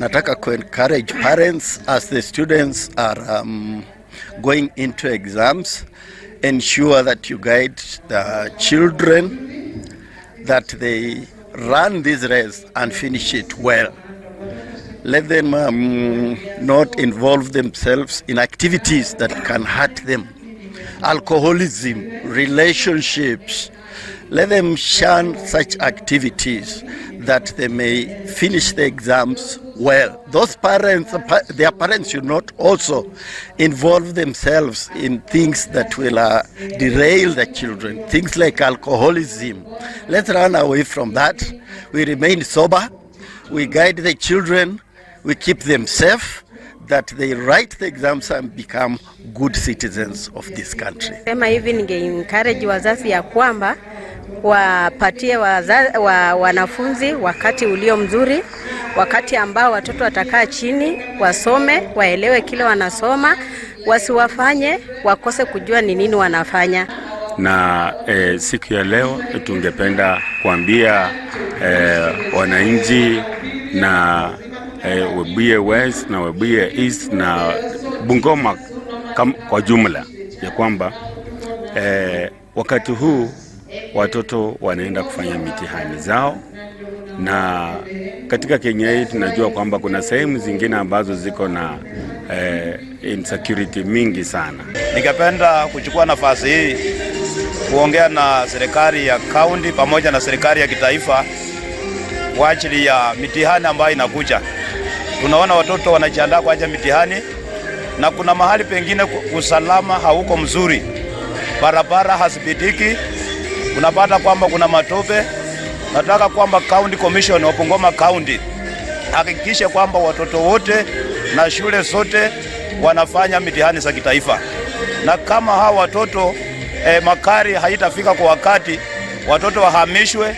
nataka ku encourage parents as the students are um, going into exams ensure that you guide the children that they run this race and finish it well let them um, not involve themselves in activities that can hurt them alcoholism relationships let them shun such activities that they may finish the exams well. Those parents, their parents should not also involve themselves in things that will uh, derail the children, things like alcoholism. Let's run away from that. We remain sober, we guide the children, we keep them safe that they write the exams and become good citizens of this country. Sema hivi encourage wazazi ya kwamba wapatie wanafunzi wakati ulio mzuri wakati ambao watoto watakaa chini wasome, waelewe kile wanasoma, wasiwafanye wakose kujua ni nini wanafanya. Na e, siku ya leo tungependa kuambia e, wananchi na e, Webuye West na Webuye East na Bungoma kam, kwa jumla ya kwamba e, wakati huu watoto wanaenda kufanya mitihani zao na katika Kenya hii tunajua kwamba kuna sehemu zingine ambazo ziko na eh, insecurity mingi sana. Ningependa kuchukua nafasi hii kuongea na serikali ya kaunti pamoja na serikali ya kitaifa kwa ajili ya mitihani ambayo inakuja. Tunaona watoto wanajiandaa kwa ajili ya mitihani, na kuna mahali pengine usalama hauko mzuri, barabara hazipitiki, unapata kwamba kuna matope Nataka kwamba county commission wa Bungoma county hakikishe kwamba watoto wote na shule zote wanafanya mitihani za kitaifa, na kama hawa watoto eh, makari haitafika kwa wakati, watoto wahamishwe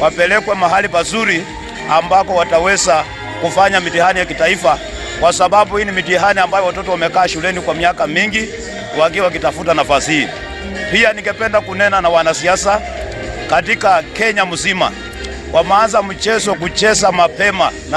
wapelekwe mahali pazuri ambako wataweza kufanya mitihani ya kitaifa, kwa sababu hii ni mitihani ambayo watoto wamekaa shuleni kwa miaka mingi wakiwa wakitafuta nafasi hii. Pia ningependa kunena na wanasiasa katika Kenya mzima, wameanza mchezo kucheza mapema.